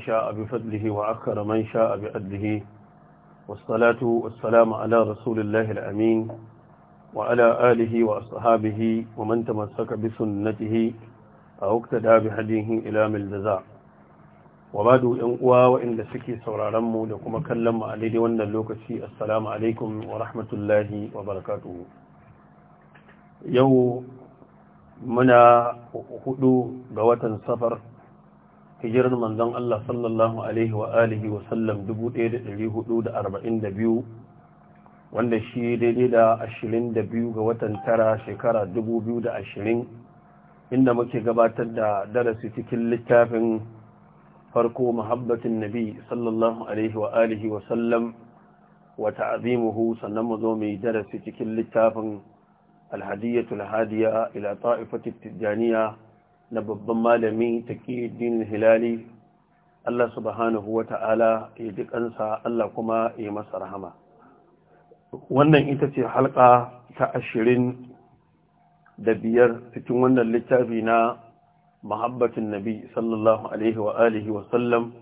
شاء بفضله وأخر من شاء بأدله والصلاة والسلام على رسول الله الأمين وعلى آله وأصحابه ومن تمسك بسنته أو اقتدى بهديه إلى ملجزاء وبعد أنقوى وإن لسكي سورارم لكم كلم عليه وأن اللوكسي السلام عليكم ورحمة الله وبركاته يوم منا هدو قوة سفر hijirar manzon Allah sallallahu alaihi wa alihi wa sallam 1442 wanda shi daidai da 22 ga watan tara shekara 2020 inda muke gabatar da darasi cikin littafin farko muhabbatin nabi sallallahu alaihi wa alihi wa sallam wata azimuhu sannan mu zo mu darasi cikin littafin الهدية الهادية ila طائفة tijaniya. na babban malami dinin hilali Allah subhanahu Ta'ala ya ji kansa Allah kuma ya masa rahama wannan ita ce halka ta ashirin da biyar cikin wannan littafi na mahabbatin nabi sallallahu alaihi wa alihi wa sallam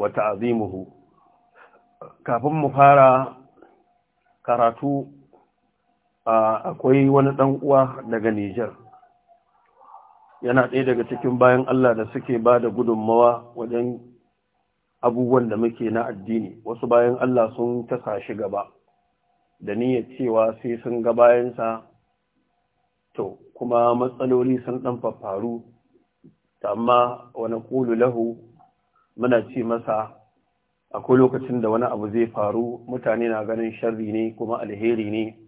wa ta'azimuhu kafin mu fara karatu akwai wani dan uwa daga Nijar yana ɗaya daga cikin bayan Allah da suke ba da gudunmawa wajen abubuwan da muke na addini wasu bayan Allah sun tasa shi gaba da niyyar cewa sai sun ga bayansa to kuma matsaloli sun ɗan faru amma wani Kulu lahu muna ce masa akwai lokacin da wani abu zai faru mutane na ganin sharri ne kuma alheri ne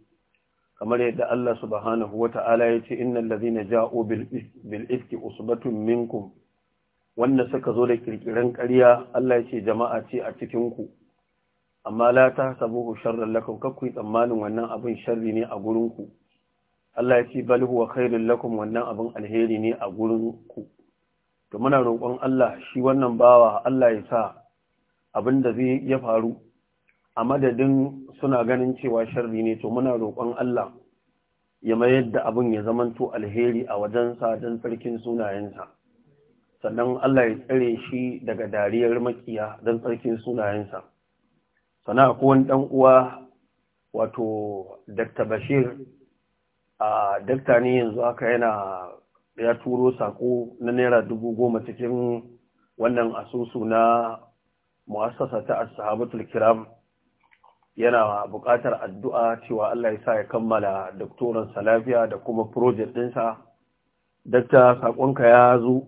kamar yadda Allah subhanahu wa ta'ala ya ce innal ladhina ja'u bil ifki usbatun minkum wanda suka zo da kirkiran karya, Allah ya ce jama'a ce a cikin ku amma la tahsabuhu sharran lakum kakku tsammanin wannan abin sharri ne a gurinku. Allah ya ce bal huwa khairul wannan abin alheri ne a gurinku. ku to muna roƙon Allah shi wannan bawa Allah ya sa abin da zai ya faru a madadin suna ganin cewa sharri ne to muna roƙon Allah ya mayar da abin ya zamanto alheri a wajensa don tsarkin sunayensa sannan Allah ya tsare shi daga dariyar makiya don tsarkin sunayensa sana kuwan ɗan uwa wato Dr. Bashir a dakta ne yanzu haka yana ya turo sako na naira dubu goma cikin wannan asusu na mu'assasa ta Sahabatul kiram yana buƙatar addu'a cewa Allah ya sa ya kammala doktoran Salafiya da kuma projet ɗinsa. Dakta saƙonka ya zo,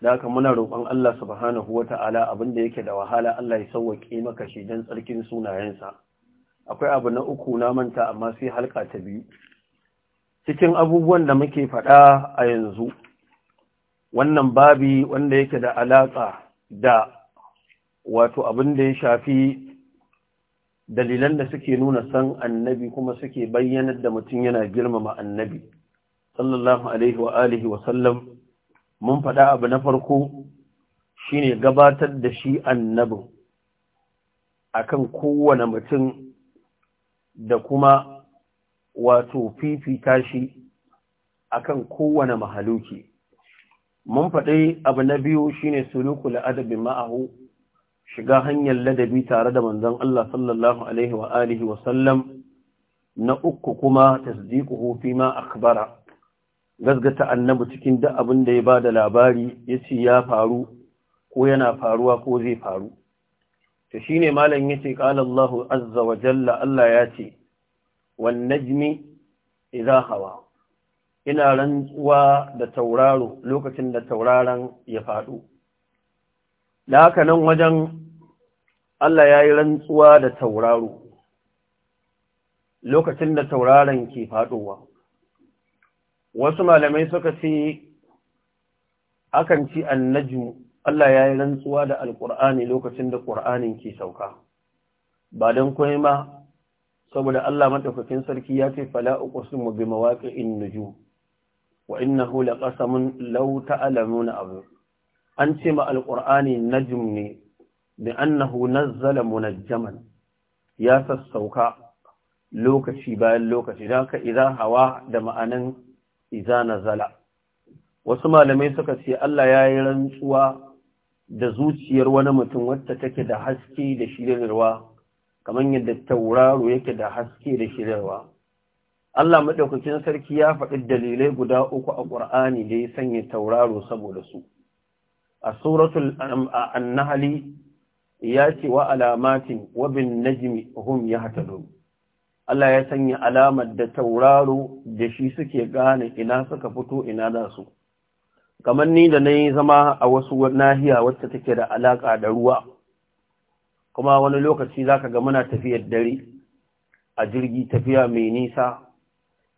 da muna roƙon Allah subhanahu wa ta'ala abinda yake da wahala Allah ya sauwaƙe maka shi don tsarkin sunayensa. Akwai abu na uku na manta amma sai halka ta biyu. Cikin abubuwan da muke faɗa a yanzu, wannan babi wanda yake da alaƙa da wato abin da ya shafi dalilan da suke nuna san annabi kuma suke bayyanar da mutum yana girmama annabi sallallahu alaihi wa alihi wa sallam mun faɗa abu na farko shine gabatar da shi annabin akan kowane mutum da kuma wato fifita shi akan kowane mahaluki mun faɗi abu na biyu shine sulukul adabi ma'ahu shiga hanyar ladabi tare da manzon Allah sallallahu alaihi wa alihi wa sallam na uku kuma tasdiquhu fi ma akhbara gasgata annabi cikin duk abin da ya bada labari yace ya faru ko yana faruwa ko zai faru to shine malam yace qala Allah azza wa jalla Allah yace wan najmi idha hawa ina rantsuwa da tauraro lokacin da tauraron ya faɗo da haka nan wajen Allah ya yi rantsuwa da tauraro lokacin da tauraron ke faɗowa. Wasu malamai suka ce, akan ci annaju Allah ya yi rantsuwa da Alƙur'ani lokacin da Ƙur'anin ke sauka. Ba don kuma ma, saboda Allah matafafin sarki ya ce fala'uku sun mu bi mawaƙi in nuju, wa inna hula ƙasamun lau ta'alamuna abu. an ce ma alƙur'ani najm ne bi annahu nazzala munajjaman ya sassauka lokaci bayan lokaci da haka idan hawa da ma'anin iza nazala wasu malamai suka ce Allah ya yi rantsuwa da zuciyar wani mutum wadda take da haske da shirarwa kamar yadda tauraro yake da haske da shirarwa Allah maɗaukakin sarki ya faɗi dalilai guda uku a ƙur'ani da ya sanya tauraro saboda su a suratul um, annahali ya ce wa alamatin wa bin najmi hum Allah ya sanya alamar da tauraro da shi suke gane ina suka fito ina da su kamar ni da nayi zama a wasu nahiya wacce take da alaka da ruwa kuma wani lokaci zaka ga muna tafiyar dare a jirgi tafiya mai nisa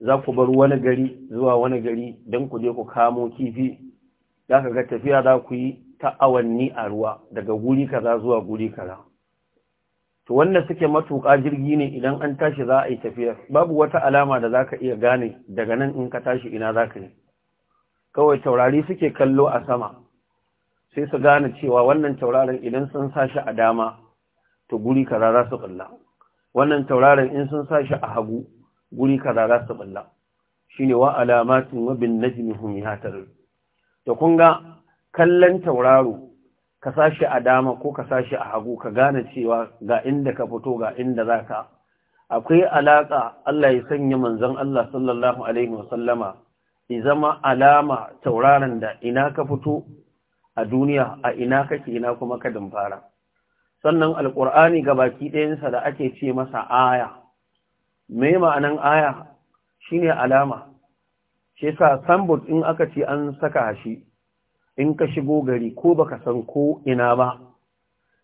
za ku bar wani gari zuwa wani gari don ku je ku kamo kifi za ka ga tafiya za ku yi ta awanni a ruwa daga guri kaza zuwa guri kaza to wanda suke matuƙa jirgi ne idan an tashi za a yi tafiya babu wata alama da za ka iya gane daga nan in ka tashi ina za ka yi kawai taurari suke kallo a sama sai su gane cewa wannan taurarin idan sun sa shi a dama to guri kaza za su ɓulla wannan taurarin in sun sa shi a hagu guri kaza za su ɓulla shine wa alamatin wa bin najmi hum yahtarun to kun ga kallon tauraro ka sashi a dama ko ka sashi a hagu ka gane cewa ga inda ka fito ga inda za ka akwai alaƙa Allah ya sanya manzon Allah sallallahu alaihi wasallama ya zama alama tauraron da ina ka fito a duniya a ina kake ina kuma ka fara sannan alƙur'ani ga baki ɗayansa da ake ce masa aya me ma'anan aya shine alama shi yasa sambut in aka ce an saka shi in ka shigo gari ko baka san ko ina ba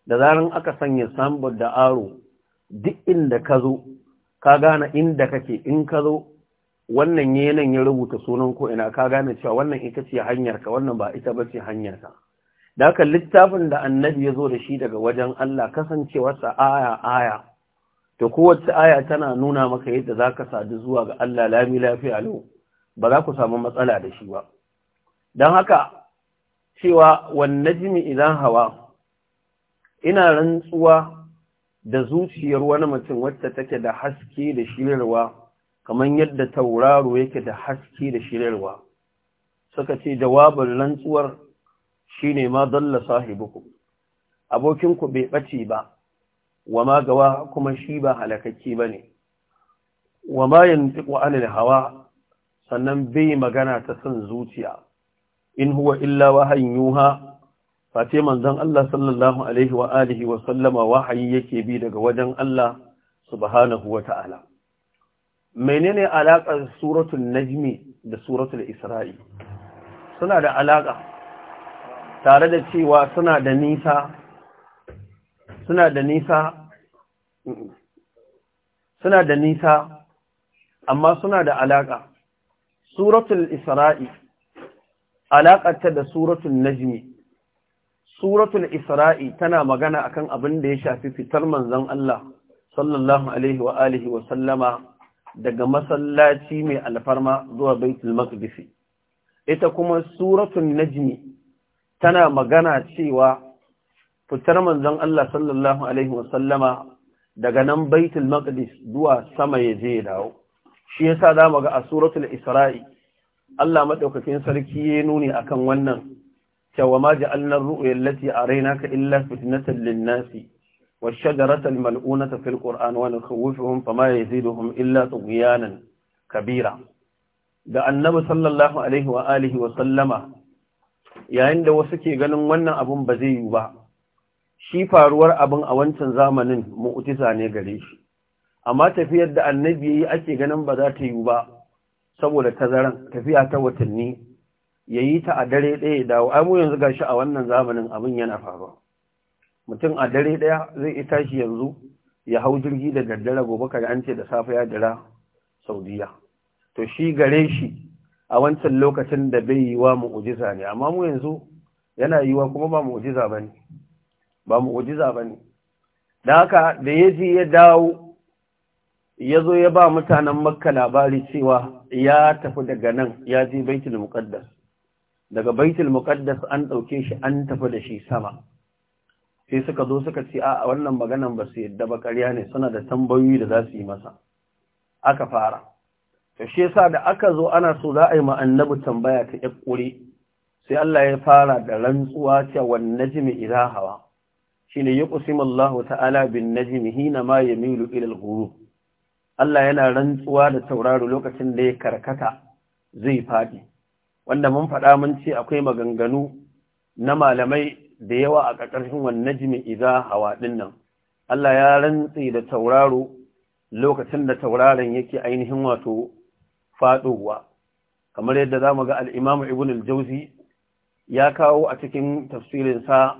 da zaran aka sanya sambut da aro duk inda ka zo ka gane inda kake in ka zo wannan yanayin ya rubuta sunan ko ina ka gane cewa wannan ita ce hanyarka wannan ba ita ba ce hanyarka da haka littafin da annabi ya zo da shi daga wajen Allah kasancewarsa aya aya to kowace aya tana nuna maka yadda za ka sadu zuwa ga Allah lami lafiya lau ba za ku samu matsala da shi ba don haka cewa wanne jini idan hawa ina rantsuwa da zuciyar wani mutum wacce take da haske da shirarwa kamar yadda tauraro yake da haske da shirarwa suka ce jawabin rantsuwar shi ne ma dalla sahibukum abokinku bai ɓace ba wa ma gawa kuma shi ba halakakke ba ne wa ma yantiku anil hawa sannan bai magana ta son zuciya in huwa illa wahayin yuha face manzon Allah sallallahu alaihi wa alihi wa sallama wahayi yake bi daga wajen Allah subhanahu wa ta'ala menene alaƙar suratul najmi da suratul isra'i suna da alaƙa tare da cewa suna da nisa suna da nisa suna da nisa amma suna da alaƙa suratul isra'i alaƙarta da suratul najmi suratul isra'i tana magana akan abin da ya shafi fitar manzon Allah sallallahu alaihi wa alihi wa sallama daga masallaci mai alfarma zuwa baitul maqdis ita kuma suratul najmi tana magana cewa fitar manzon Allah sallallahu alaihi wa sallama daga nan baitul maqdis zuwa sama ya je dawo shi yasa za mu ga a suratul isra'i Allah madaukakin sarki ya nuni akan wannan cewa ma ja'alna ar a allati araynaka illa fitnatan lin-nasi wash-shajarata al-mal'unata fil qur'an wa nakhawifuhum fama yaziduhum illa tughyanan kabira da annabi sallallahu alaihi wa alihi wa sallama yayin da wasu ke ganin wannan abun ba zai yi ba shi faruwar abin a wancan zamanin mu'tiza ne gare shi amma tafiyar da annabi yayi ake ganin ba za ta yi ba saboda tazaran tafiya ta watanni yayi ta a dare ɗaya dawo ai mu yanzu gashi a wannan zamanin abin yana faruwa mutum a dare ɗaya zai yi tashi yanzu ya hau jirgi da daddare gobe kada an ce da safe ya jira saudiya to shi gare shi a wancan lokacin da bai yi wa mu'ujiza ne amma mu yanzu yana yi wa kuma ba mu'ujiza ba ba mu'ujiza ba ne da haka da ya je ya dawo ya zo ya ba mutanen makka labari cewa ya tafi daga nan ya je baitul muqaddas daga baitul muqaddas an ɗauke shi an tafi da shi sama sai suka zo suka ce a wannan maganan ba su yadda ba ƙarya ne suna da tambayoyi da za su yi masa aka fara to shi yasa da aka zo ana so za a yi ma annabi tambaya ta yakkuri sai Allah ya fara da rantsuwa cewa wan najmi idha hawa shine yuqsimu Allahu ta'ala bin najmi hina ma yamilu ila al-ghurub Allah yana rantsuwa da tauraro lokacin da ya karkata zai faɗi wanda mun faɗa mun ce akwai maganganu na malamai da yawa a ƙarƙashin wannan najmi iza hawa ɗin nan Allah ya rantsi da tauraro lokacin da tauraron yake ainihin wato faɗowa kamar yadda za mu ga al Ibn al ya kawo a cikin tafsirin sa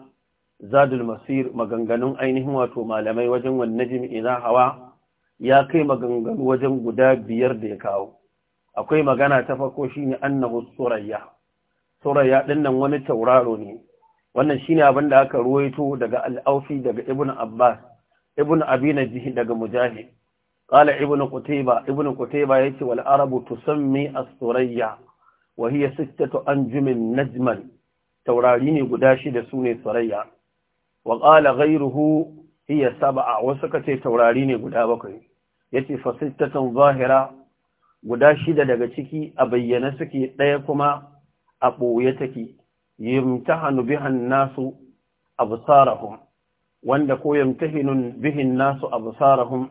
Zadul Masir maganganun ainihin wato malamai wajen wannan jimi iza hawa ya kai maganganu wajen guda biyar da ya kawo akwai magana ta farko shine annahu surayya surayya dinnan wani tauraro ne wannan shine abin da aka ruwaito daga al-aufi daga ibn abbas ibn abi najih daga mujahid qala ibn qutayba ibn qutayba yace wal arabu tusammi as-surayya wa hiya sittatu anjumin najman taurari ne guda shida sune surayya wa qala ghayruhu hiya saba'a wasu ka ce taurari ne guda bakwai yace fasittatan zahira guda shida daga ciki a bayyana suke ɗaya kuma a ɓoye take yimtahanu bihan nasu absarahum wanda ko yamtahinun bihin nasu absarahum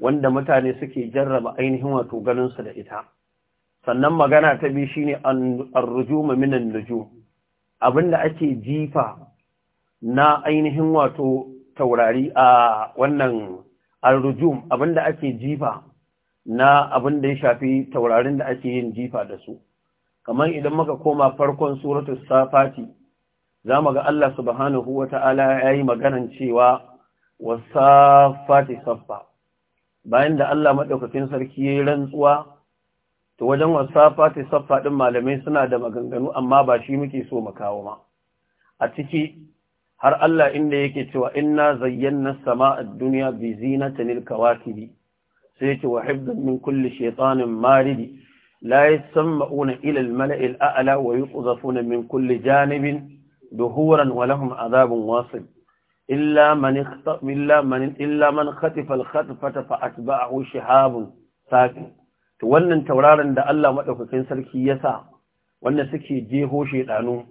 wanda mutane suke jarraba ainihin wato ganin su da ita sannan magana ta bi shine ar-rujum minan nujum abinda ake jifa na ainihin wato taurari a wannan al-rujum abinda ake jifa na abinda ya shafi taurarin da ake yin jifa da su kamar idan muka koma farkon suratul safati zamu ga Allah subhanahu wata'ala yayi maganan cewa wasafati saffa bayan da Allah madaukakin sarki yayi rantsuwa to wajen wasafati saffa din malamai suna da maganganu amma ba shi muke so mu kawo ma a ciki har Allah inda yake cewa inna zayyana sama'ad dunya bi zinatin al-kawakibi sai yake wa hibdan min kulli shaytanin maridi la yasma'una ila al-mala'i al-a'la wa yuqdhafuna min kulli janibin duhuran wa lahum adhabun wasil illa man ikhtafa illa man illa man khatifa al-khatfata fa atba'ahu shihabun saqi to wannan tauraron da Allah madaukakin sarki yasa wanda suke jeho shedanu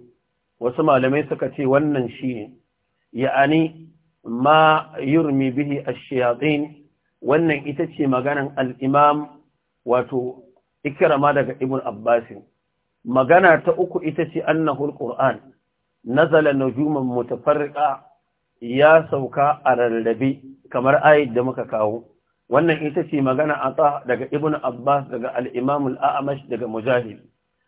wasu malamai suka ce wannan shi ya'ani ma yurmi bihi ash wannan ita ce maganan al wato ikrama daga ibn abbas magana ta uku ita ce annahu al-qur'an nazala ta mutafarriqa ya sauka a rarrabe kamar ayat da muka kawo wannan ita ce magana ata daga ibn abbas daga al-imam al daga mujahid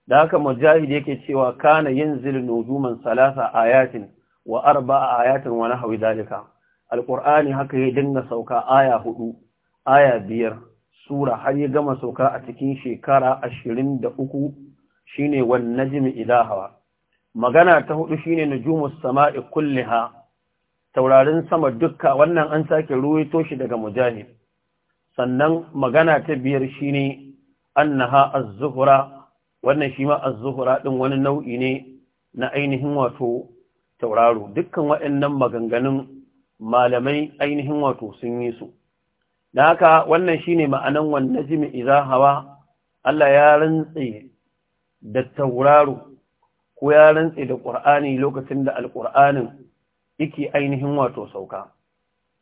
da haka mujahid yake cewa kana yanzil nujuman salasa ayatin wa arba'a ayatin wa nahwi zalika alqur'ani haka ya dinga sauka aya hudu aya biyar sura har ya gama sauka a cikin shekara 23 shine wan najmi ilaha magana ta hudu shine nujumus sama'i kulliha taurarin sama dukka wannan an sake ruwaito shi daga mujahid sannan magana ta biyar shine annaha az-zuhra wannan shi ma az-zuhra din wani nau'i ne na ainihin wato tauraro dukkan waɗannan maganganun malamai ainihin wato sun yi su da haka wannan shine ma'anan wan najmi idza hawa Allah ya rantsi da tauraro ko ya rantsi da Qur'ani lokacin da al yake ainihin wato sauka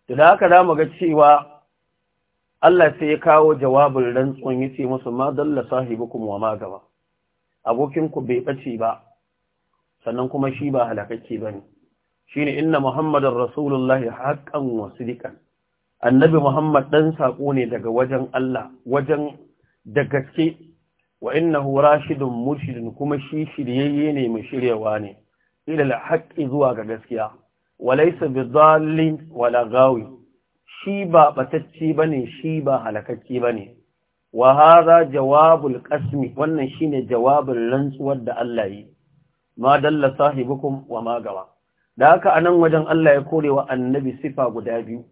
to da haka zamu ga cewa Allah sai ya kawo jawabin rantsuwan yace musu ma dalla sahibukum wa ma gaba abokinku bai ɓace ba sannan kuma shi ba halakakke ba ne shi ne inna muhammadin rasulullahi haƙan wasu dikan annabi muhammad ɗan saƙo ne daga wajen Allah wajen da gaske wa inna hura shidin murshidin kuma shi shiryayye ne mai shiryawa ne ilal haƙƙi zuwa ga gaskiya walaisa bi zalin wala gawi shi ba batacci bane shi ba halakakke bane wa hadha jawabul qasmi wannan shine jawabin rantsuwar da Allah yi ma dalla sahibukum wa ma gawa da haka anan wajen Allah ya kore wa annabi sifa guda biyu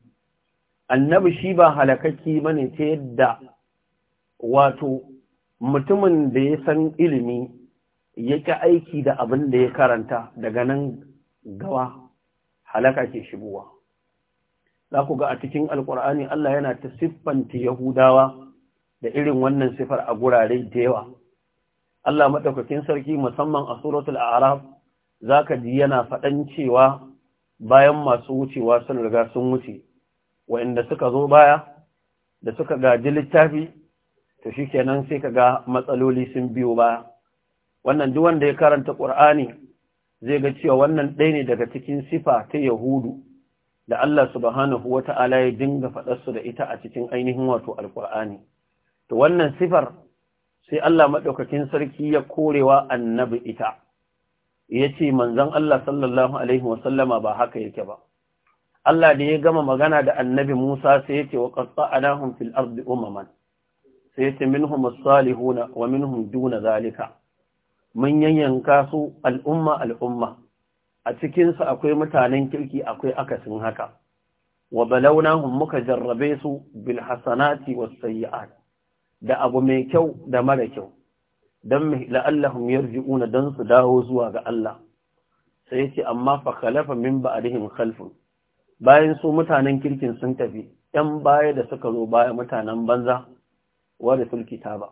annabi shi ba halakakki bane ta yadda wato mutumin da ya san ilimi yake aiki da abin da ya karanta daga nan gawa halaka ke shigowa za ku ga a cikin alkur'ani Allah yana ta siffanta yahudawa da irin wannan sifar a gurare da yawa Allah madaukakin sarki musamman a suratul a'raf zaka ji yana fadan cewa bayan masu wucewa sun riga sun wuce wa'inda suka zo baya da suka gaji littafi to shikenan sai ga matsaloli sun biyo baya wannan duk wanda ya karanta Qur'ani zai ga cewa wannan ɗai ne daga cikin sifa ta Yahudu da Allah subhanahu wata'ala ya dinga faɗarsu da ita a cikin ainihin wato Alƙur'ani to wannan sifar sai Allah maɗaukakin sarki ya korewa annabi ita ya ce manzon Allah sallallahu alaihi wasallama ba haka yake ba Allah da ya gama magana da annabi Musa sai ya ce wa qatta'nahum fil ardi umaman sai ya ce minhum as wa minhu duna zalika mun yanyanka su al'umma al'umma a cikinsu akwai mutanen kirki akwai akasin haka wa balawnahum muka jarrabe su bil hasanati was sayyi'at da abu mai kyau da mara kyau don la'allahum yarji'una don su dawo zuwa ga Allah sai yace amma fa khalafa min ba'dihim khalfun bayan su mutanen kirkin sun tafi 'yan baya da suka zo baya mutanen banza wadda sun ba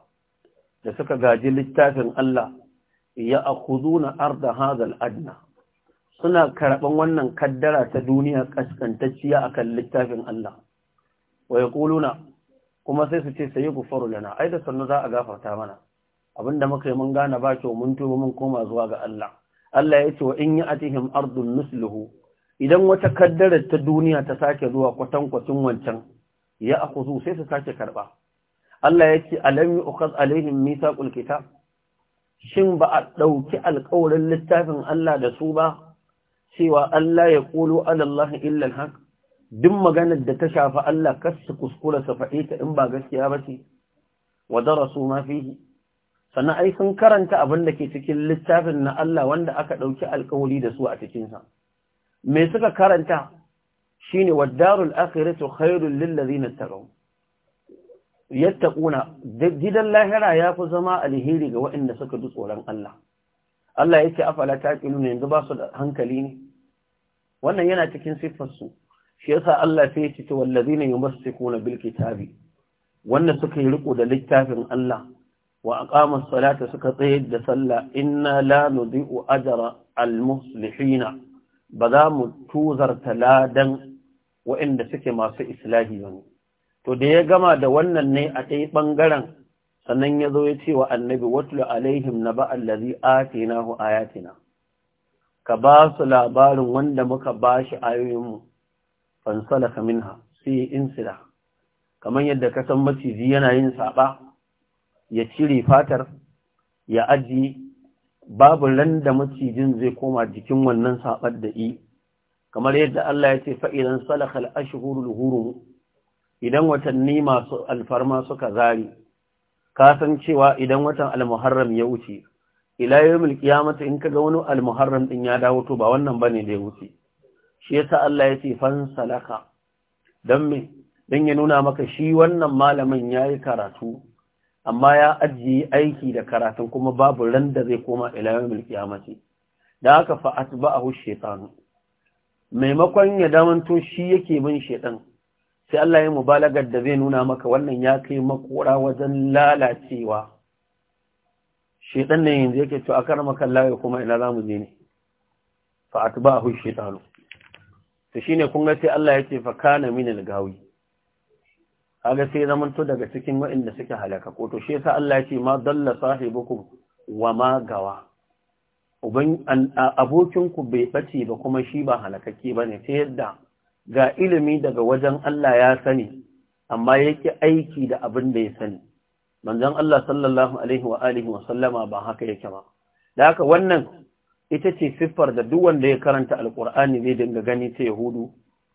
da suka gaji littafin Allah ya akhuduna arda hadal adna suna karɓan wannan kaddara ta duniya kaskantacciya akan littafin Allah wa yaquluna kuma sai su ce sai gufaru lana ai da sannu za a gafarta mana abinda muka yi mun gane ba kyau mun tuba mun koma zuwa ga Allah Allah ya ce wa in yi atihim ardun nusluhu idan wata kaddarar ta duniya ta sake zuwa kwatankwacin wancan ya akuzu sai su sake karba Allah ya ce alam yu'khaz alaihim mithaqul kitab shin ba a dauki alƙawarin littafin Allah da su ba cewa Allah ya qulu alallahi Allah illa al duk maganar da ta shafi Allah kar su kuskura su faɗe ta in ba gaskiya ba ce Wadda rasu ma fi sannan ai sun karanta abin da ke cikin littafin na Allah wanda aka ɗauki alƙawari da su a cikinsa me suka karanta shine wadarul akhiratu khairul lil ladina Yadda ƙuna, gidan lahira ya fi zama alheri ga waɗanda suka ji tsoron Allah Allah ce afala taqiluna yanzu ba su da hankali ne wannan yana cikin siffar su shi yasa Allah sai ya ce to wallazina yumsikuna bil kitabi wanda suka yi riko da littafin Allah wa aqamus salata suka tsayar da sallah inna la nudhi'u ajra al muslihina ba za mu tuzarta ladan waɗanda suke masu islahi ba to da ya gama da wannan ne a ɗaya ɓangaren sannan ya zo ya ce wa annabi watlu alaihim na ba allazi hu ayatina ka ba su labarin wanda muka ba shi ayoyinmu fansalaka minha sai insila kamar yadda ka san maciji yana yin saba ya cire fatar ya aji babu ran da macijin zai koma jikin wannan sabar da i kamar yadda Allah ya ce fa'ilan salakal ashhurul hurum idan watanni masu alfarma suka zari ka san cewa idan watan almuharram ya wuce ila yawmil qiyamati in kaga wani almuharram din ya dawo to ba wannan bane da ya wuce shi yasa Allah ya ce fansalaka don me don ya nuna maka shi wannan malamin ya yi karatu amma ya ajiye aiki da karatun kuma babu ran da zai koma ilayen mulki a mace da aka fa'at ba a hushe tsanu maimakon ya damanto shi yake bin shaɗan sai Allah ya mubalagar da zai nuna maka wannan ya kai makora wajen lalacewa shaɗan ne yanzu yake to a karamakan laye kuma ina za mu je ne fa'at ba a hushe tsanu ta shine kun ga sai Allah yake fa kana min al-gawi kaga sai zamanto daga cikin waɗanda suke halaka ko to shi yasa Allah yake ma dalla sahibukum wa ma gawa uban abokin ku bai bace ba kuma shi ba halakakke bane sai yadda ga ilimi daga wajen Allah ya sani amma yake aiki da abin da ya sani manzon Allah sallallahu alaihi wa alihi wa sallama ba haka yake ba da haka wannan ita ce siffar da duk wanda ya karanta alkur'ani zai dinga gani ta yahudu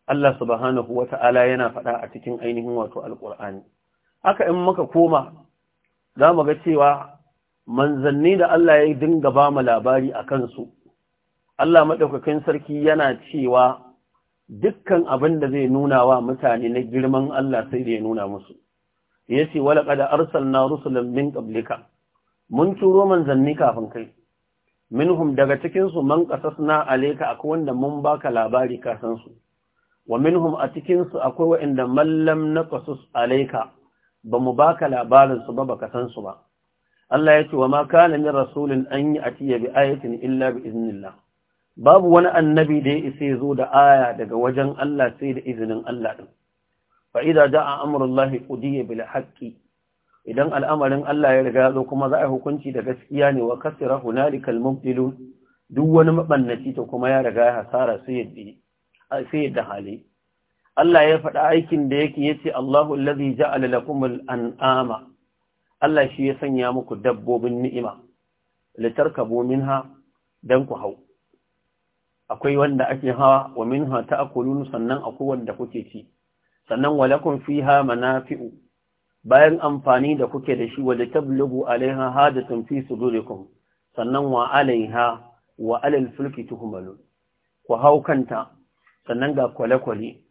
Allah subhanahu Ta'ala yana faɗa a cikin ainihin wato alkur'ani haka in muka koma za mu ga cewa manzanni da Allah ya dinga ba mu labari a kansu Allah maɗaukakin sarki yana cewa dukkan abin da zai nuna wa mutane na girman Allah sai da ya nuna musu yace wala qad arsalna rusulan min qablika mun turo manzanni kafin kai minhum daga cikinsu man qasasna alayka akwai wanda mun baka labari ka san su wa minhum a cikinsu akwai wa'inda mallam na qasus alayka ba mu baka ka su ba baka san su ba Allah ya ce wa ma kana min rasulin an ya'tiya bi ayatin illa bi iznillah babu wani annabi da ya isa zo da aya daga wajen Allah sai da izinin Allah din fa idza jaa amrullahi qudiya bil haƙƙi. idan al'amarin Allah ya riga zo kuma za a hukunci da gaskiya ne wa kasira hunalikal mubtilun duk wani mabannaci to kuma ya riga hasara sai yadda hali Allah ya faɗa aikin da yake yace Allahu lazi ja'ala lakumul an'ama Allah shi ya sanya muku dabbobin ni'ima litarkabu minha dan ku hau akwai wanda ake hawa wa minha ta'kulun sannan akwai wanda kuke ci sannan walakum fiha manafi'u bayan amfani da kuke da shi wadda ta tablugu alaiha sun fi su kun sannan wa alaiha wa alal fulki tuhmalun ku hau kanta, sannan ga kwale-kwale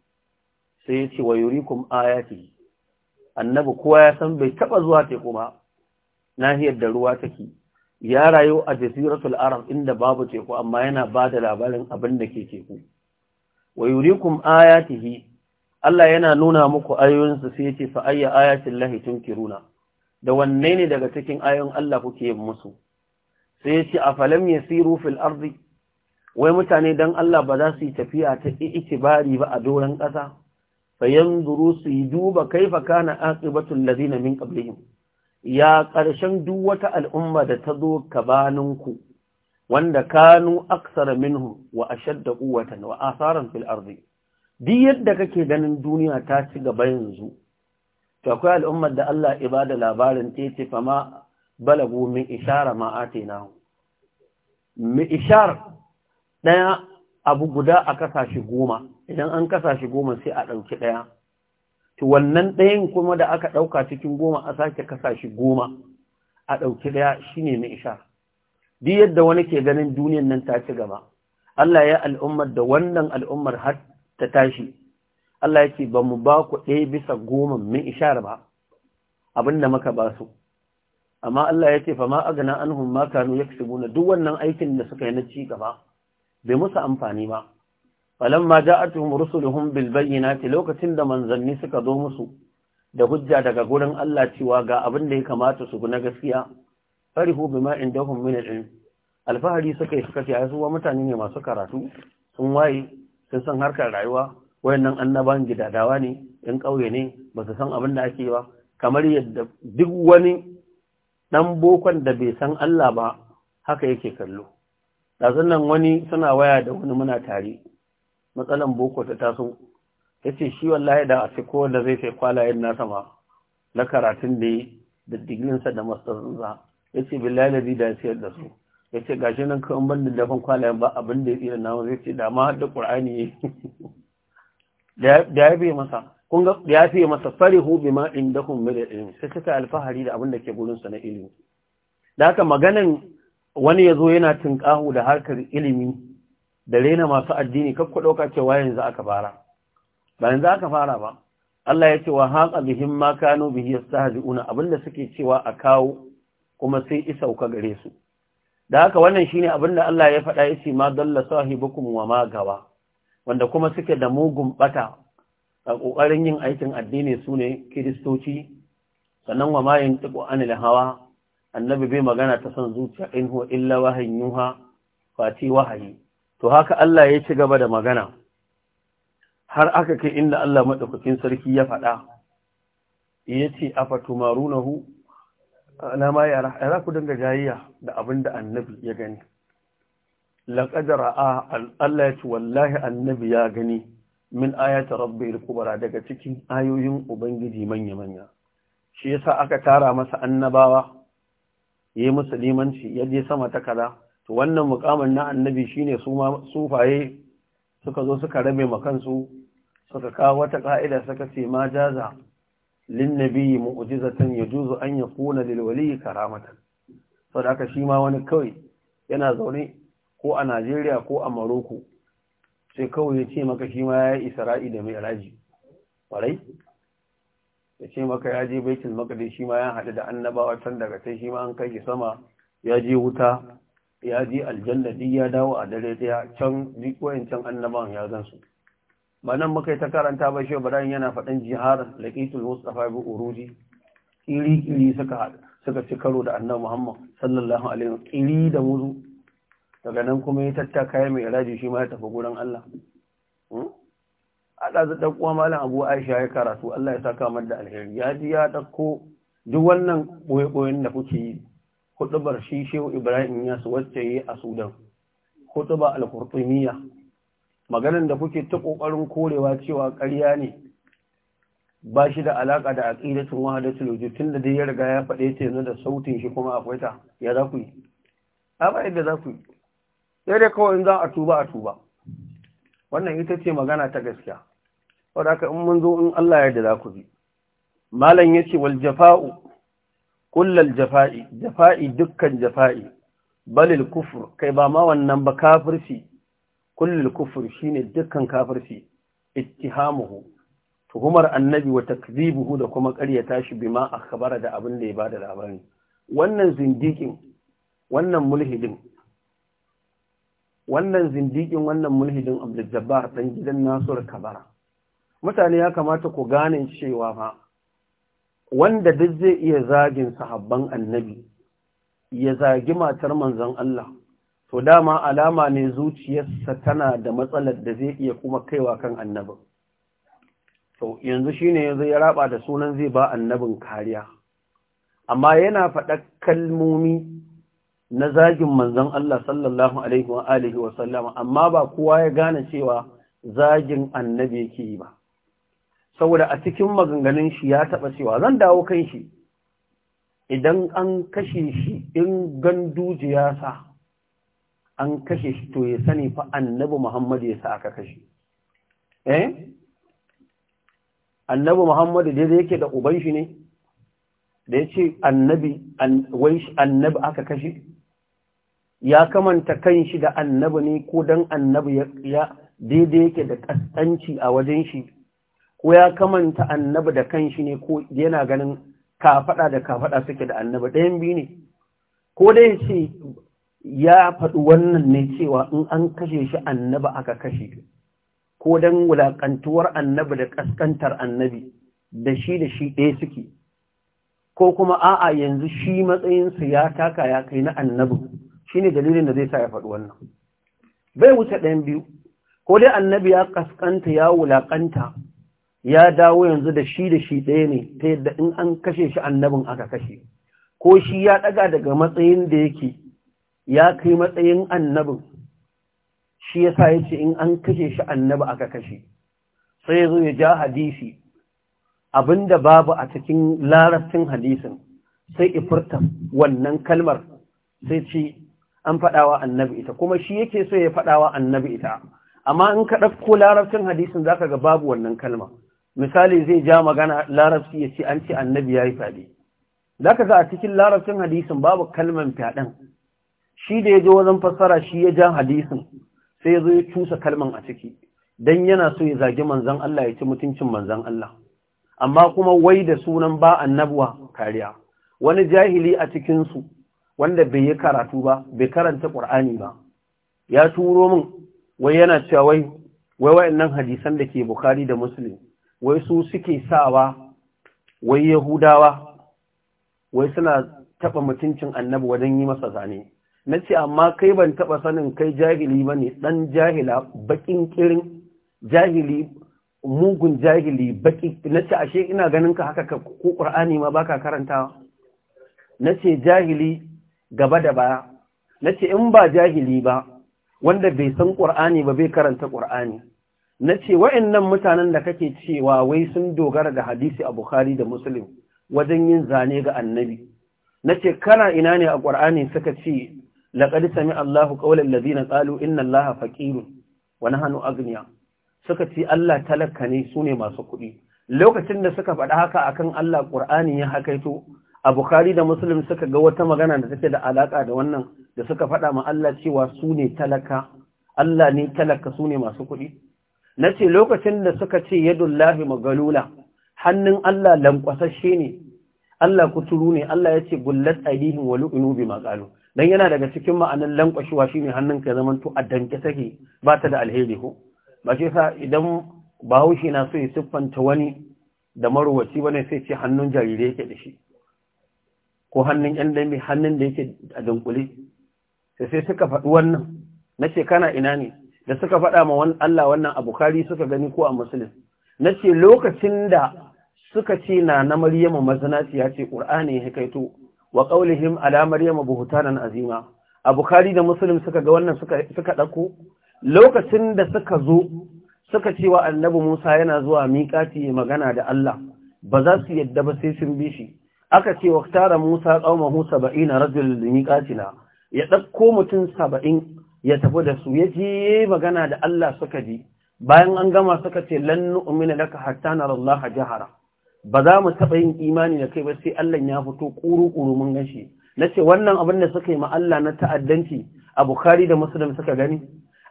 sai ya ce wa yurikum ayati annabi kowa ya san bai taba zuwa teku ba nahiyar da ruwa take ya rayu a jaziratul arab inda babu teku amma yana ba da labarin abin da ke teku wa yurikum ayatihi Allah yana nuna muku ayoyinsa sai ce fa ayya ayatin lahi tunkiruna da wanne ne daga cikin ayoyin Allah kuke yin musu sai yace afalam yasiru fil ardi wai mutane dan Allah ba za su yi tafiya ta itibari ba a doran ƙasa fa yanzuru su yi duba kaifa kana aqibatul ladina min qablihim ya ƙarshen duk wata al'umma da ta zo kabaninku wanda kanu aksara minhu wa ashadda quwwatan wa asaran fil ardi duk yadda kake ganin duniya ta ci gaba yanzu to akwai al'ummar da Allah ibada labarin ta ce fa ma balagu min ishara ma atina mi ishar daya abu guda a kasashe goma idan an kasashe goma sai a dauki daya to wannan dayan kuma da aka dauka cikin goma a sake kasashe goma a dauki daya shine mi ishar duk yadda wani ke ganin duniyar nan ta ci gaba Allah ya al'ummar da wannan al'ummar har ta tashi Allah ya ce ba mu ba ku ɗaya bisa goma min ishar ba abin da maka ba su amma Allah ya ce fa ma agana anhum ma kanu yaksubuna duk wannan aikin da suka yi na ci gaba bai musu amfani ba falamma ja'atuhum rusuluhum bil ce, lokacin da manzanni suka zo musu da hujja daga gurin Allah cewa ga abin da ya kamata su na gaskiya farihu bima indahum min al-ilm alfahari suka yi suka ce ai su mutane ne masu karatu sun waye sun san harkar rayuwa wayannan annaban gidadawa ne yan ƙauye ne ba su san abin da ake ba kamar yadda duk wani ɗan bokon da bai san Allah ba haka yake kallo ɗazun nan wani suna waya da wani muna tare matsalan boko ta taso ya ce shi wallahi da a ko da zai sai kwalayen nasa ma na karatun da da digirinsa da mastarinsa ya ce billahi da zai da su ya ce gashi nan kan ban da dafan kwalayen ba abin da ya tsira namu zai ce da ma da ƙur'ani da ya fiye masa kun ga ya fiye masa fari bi ma indakum min ilimi sai suka alfahari da abin da ke gurin na ilimi da haka maganan wani ya zo yana tinkahu da harkar ilimi da rena masu addini kakku ɗauka cewa yanzu aka fara ba yanzu aka fara ba Allah ya ce wa haƙa bihin ma kano bihi abin da suke cewa a kawo kuma sai isauka gare su da haka wannan shi ne da Allah ya faɗa yace ma dalla sahibukum wa ma gawa wanda kuma suke da mugun ɓata a kokarin yin aikin addini ne, kiristoci, sannan wa ma yantiqu anil hawa annabi bai magana ta son zuciya in huwa illa wahayin yuha fati wahayi to haka Allah ya ci gaba da magana har aka kai inda Allah madaukakin sarki ya faɗa yace afatumarunahu alama yara yana ku dinga jayayya da abin da annabi ya gani Laƙajara a Allah ya ce wallahi annabi ya gani min ayati rabbi kubra daga cikin ayoyin ubangiji manya manya shi yasa aka tara masa annabawa yayi musu limanci ya je sama ta kaza to wannan mukamin na annabi shine su ma sufaye suka zo suka rabe makansu suka kawo wata ka'ida suka ce ma jaza linnabi mu'jizatan yajuzu anya yakuna lil wali karamatan saboda haka shi ma wani kawai yana zaune ko a Najeriya ko a Maroko sai kawai ya ce maka shi ma ya yi Isra'i da Mi'raji ƙwarai ya ce maka ya je Baitul Maqdis shi ma ya haɗu da annabawa can daga sai shi ma an kai sama ya je wuta ya je aljanna ya dawo a dare daya can duk wayancan annabawan ya gansu. ba nan muka yi ta karanta ba shi bayan yana faɗin jihar laƙitul mustafa bi uruji kiri-kiri suka suka ci karo da annabi muhammad sallallahu alaihi wasallam kiri da wuzu daga nan kuma ya tattaka ya mai raji shi ma ya tafi gurin allah hmm? a ɗazu ɗauko malam abu aisha ya karatu allah ya saka mar da alheri ya ji ya ɗauko duk wannan ɓoye da kuke yi huɗubar shi shehu ibrahim ya su wacce yi a sudan huɗuba al maganan da kuke ta ƙoƙarin korewa cewa ƙarya ne ba shi da alaƙa da aƙidatun wahadatul wujud tun da dai ya riga ya faɗe ta yanzu da sautin shi kuma akwai ta ya za ku yi a ba yadda za ku yi sai dai kawai in za a tuba a tuba wannan ita ce magana ta gaskiya wadda aka in mun zo in Allah yarda za ku bi malam yace wal jafa'u kullal jafa'i jafa'i dukkan jafa'i balil kufur. kai ba ma wannan ba kafirci kullul kufur shine dukkan kafirci ittihamuhu tuhumar annabi wa takzibuhu da kuma ƙaryata shi bima akhbara da abin da ya bada labari wannan zindikin wannan mulhidin wannan zindikin wannan mulhidin Abdul Jabbar dan gidan Nasur Kabara mutane ya kamata ku gane cewa fa wanda duk zai iya zagin sahabban annabi ya zagi matar manzon Allah to dama alama ne zuciyarsa tana da matsalar da zai iya kuma kaiwa kan annabin to yanzu shine yanzu ya raba da sunan zai ba annabin kariya amma yana faɗa kalmomi na zagin manzon Allah sallallahu alaihi wa alihi wa sallama amma ba kowa ya gane cewa zagin annabi yake yi ba saboda a cikin maganganun shi ya taba cewa zan dawo kan shi idan an kashe shi in gandu ya sa an kashe shi to ya sani fa annabi Muhammadu ya sa aka kashe eh annabi Muhammadu da yake da uban shi ne da yace annabi annabi aka kashe ya kamanta kanshi da annabi ne ko dan annabi ya daidai yake da kasanci a wajen shi ko ya kamanta annabi da kanshi ne ko yana ganin kafaɗa da kafaɗa suke da annabi ɗayan biyu ne ko dai ce ya faɗi wannan ne cewa in an kashe shi annaba aka kashe ko don wulaƙantuwar annabi da ƙaskantar annabi da shi da shi ɗaya suke ko kuma a'a yanzu shi matsayinsu ya taka ya kai na annabi shi ne dalilin da zai sa ya faɗi wannan bai wuce ɗayan biyu ko dai annabi ya ƙasƙanta ya wulaƙanta ya dawo yanzu da shi da shi ɗaya ne ta yadda in an kashe shi annabin aka kashe ko shi ya ɗaga daga matsayin da yake ya kai matsayin annabin shi ya sa ya ce in an kashe shi annabi aka kashe sai ya zo ya ja hadisi abinda babu a cikin larabcin hadisin sai ifurta wannan kalmar sai ce an faɗawa annabi ita kuma shi yake so ya faɗawa annabi ita amma in ka ɗauko larabcin hadisin za ka ga babu wannan kalma misali zai ja magana larabci ya ce an ce annabi ya yi fyaɗe za ka za a cikin larabcin hadisin babu kalman fyaɗen shi da ya je wajen fassara shi ya jan hadisin sai ya zo ya cusa kalman a ciki Dan yana so ya zagi manzan Allah ya ci mutuncin manzan Allah amma kuma wai da sunan ba annabuwa kariya wani jahili a cikinsu wanda bai yi karatu ba bai karanta ƙur'ani ba ya turo min wai yana cewa wai wai wa'annan hadisan da ke bukari da muslim wai su suke sawa wai yahudawa wai suna taɓa mutuncin annabi wajen yi masa zane na ce amma kai ban taɓa sanin kai jahili ba ne ɗan jahila baƙin ƙirin jahili mugun jahili baƙi na ce ashe ina ganin ka haka ko ƙur'ani ma baka karantawa na ce jahili gaba da baya na ce in ba jahili ba wanda bai san ƙur'ani ba bai karanta ƙur'ani na ce wa'annan mutanen da kake cewa wai sun dogara da hadisi a bukhari da muslim wajen yin zane ga annabi na ce kana ina ne a ƙur'ani suka ce Lakari sami Allahu qawlan ladina qalu inna Allaha Fakiru, wani hannu agniya, suka ce Allah talaka ne ne masu kuɗi lokacin da suka faɗa haka akan Allah ƙur'ani ya hakaito a Bukhari da Muslim suka ga wata magana da take da alaka da wannan da suka faɗa ma Allah cewa su ne talaka Allah ne talaka su ne masu kuɗi nace lokacin da suka ce yadullahi magalula hannun Allah lankwasashe ne Allah kuturu ne Allah ya ce gullat aidihim wa lu'inu bima qalu dan yana daga cikin ma'anan lankwashewa shine hannunka ya zamanto a danke take ba ta da alheri ko ba ce sa idan bahaushe na so ya siffanta wani da marowaci bane sai ce hannun jarire yake da shi ko hannun yan dambe hannun da yake a dunkule sai sai suka faɗi wannan na ce kana ina ne da suka faɗa ma Allah wannan a Bukhari suka gani ko a Muslim na ce lokacin da suka ce na na Maryama mazanaci ya ce Qur'ani ya kaito wa qaulihim ala maryama buhtanan azima a bukhari da muslim suka ga wannan suka suka lokacin da suka zo suka ce wa annabi Musa yana zuwa miƙati magana da Allah ba za su yadda ba sai sun bi shi aka ce wa tara Musa qaumahu 70 rajul miqatina ya ɗauko mutum saba'in ya tafi da su Ya je magana da Allah suka ji bayan an gama suka ce lan nu'mina laka hatta nara Allah jahara ba za mu taɓa yin imani da kai ba sai Allah ya fito ƙuru-ƙuru mun gashi na ce wannan abin da suka yi ma Allah na ta'addanci a Bukhari da Muslim suka gani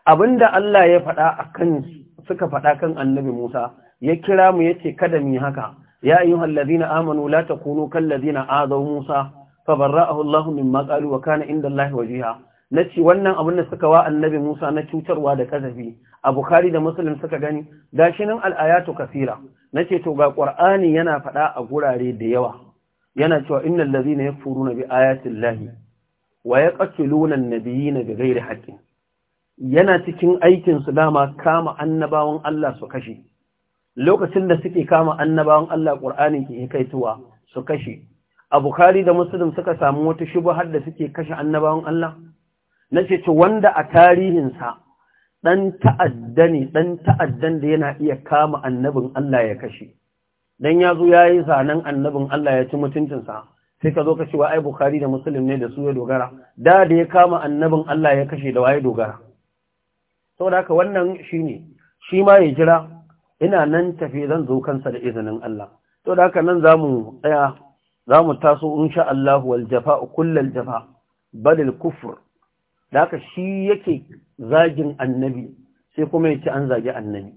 abin da Allah ya faɗa akan suka faɗa kan annabi Musa ya kira mu ya ce kada mu yi haka ya ayyuhal ladina amanu la takunu kal ladina azaw Musa fa barra'ahu Allah mimma qalu wa kana inda wajiha na ce wannan abin da suka wa annabi Musa na cutarwa da kazafi a Bukhari da Muslim suka gani gashi nan al'ayatu kasira nace to ga Qur'ani yana faɗa a gurare da yawa yana cewa innal ladzina yakfuruna bi ayati llahi wa yaqtuluna an-nabiyina bighairi haqqin yana cikin aikin su dama kama annabawan Allah su kashe lokacin da suke kama annabawan Allah Qur'ani ke kaituwa su kashe a Bukhari da Muslim suka samu wata shubhar da suke kashe annabawan Allah na ce ci wanda a tarihinsa ɗan ta'adda ne ɗan ta'addan da yana iya kama annabin Allah ya kashe dan ya zo ya yi zanen annabin Allah ya ci mutuncinsa sai ka zo ka ce wa ai Bukhari da Muslim ne da su ya dogara da da ya kama annabin Allah ya kashe da waye dogara saboda haka wannan shine shi ma ya jira ina nan tafi zan zo kansa da izinin Allah da haka nan zamu tsaya zamu taso insha Allah wal jafa kullal jafa Badal, kufr da haka shi yake zagin annabi sai kuma ya ci an zagi annabi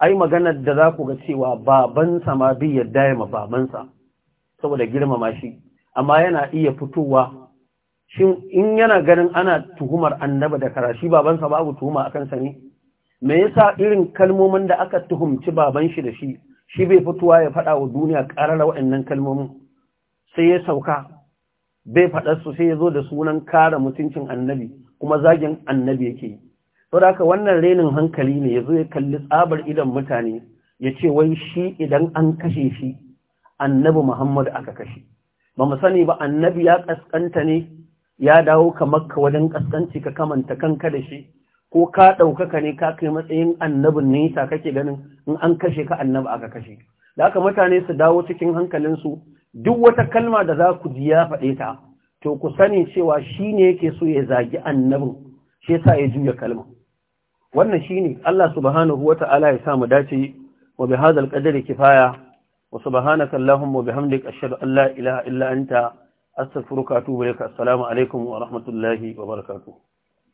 ai maganar da za ku ga cewa babansa ma bi yadda ya ma babansa saboda girmama shi amma yana iya fitowa shin in yana ganin ana tuhumar Annabi da karashi babansa babu tuhuma a kansa ne me yasa irin kalmomin da aka tuhumci baban shi da shi shi bai fitowa ya faɗa wa duniya ƙarar waɗannan kalmomin sai ya sauka bai faɗar su sai ya zo da sunan kare mutuncin annabi kuma zagin annabi yake yi saboda haka wannan renin hankali ne ya zo ya kalli tsabar idan mutane ya ce wai shi idan an kashe shi annabi muhammad aka kashe ba mu sani ba annabi ya kaskanta ne ya dawo ka makka wajen kaskanci ka kamanta kanka da shi ko ka ɗaukaka ne ka kai matsayin annabin ne kake ganin in an kashe ka annabi aka kashe da haka mutane su dawo cikin hankalinsu duk wata kalma da za ku ji ya faɗe ta to ku sani cewa shi ne yake so ya zagi annabin shi yasa ya juya kalma wannan shi ne Allah subhanahu wa ta'ala ya samu dace wa bi hadal qadari kifaya wa subhanaka allahumma wa bi ashhadu an Allah ilaha illa anta astaghfiruka wa atubu assalamu alaikum wa rahmatullahi wa barakatuh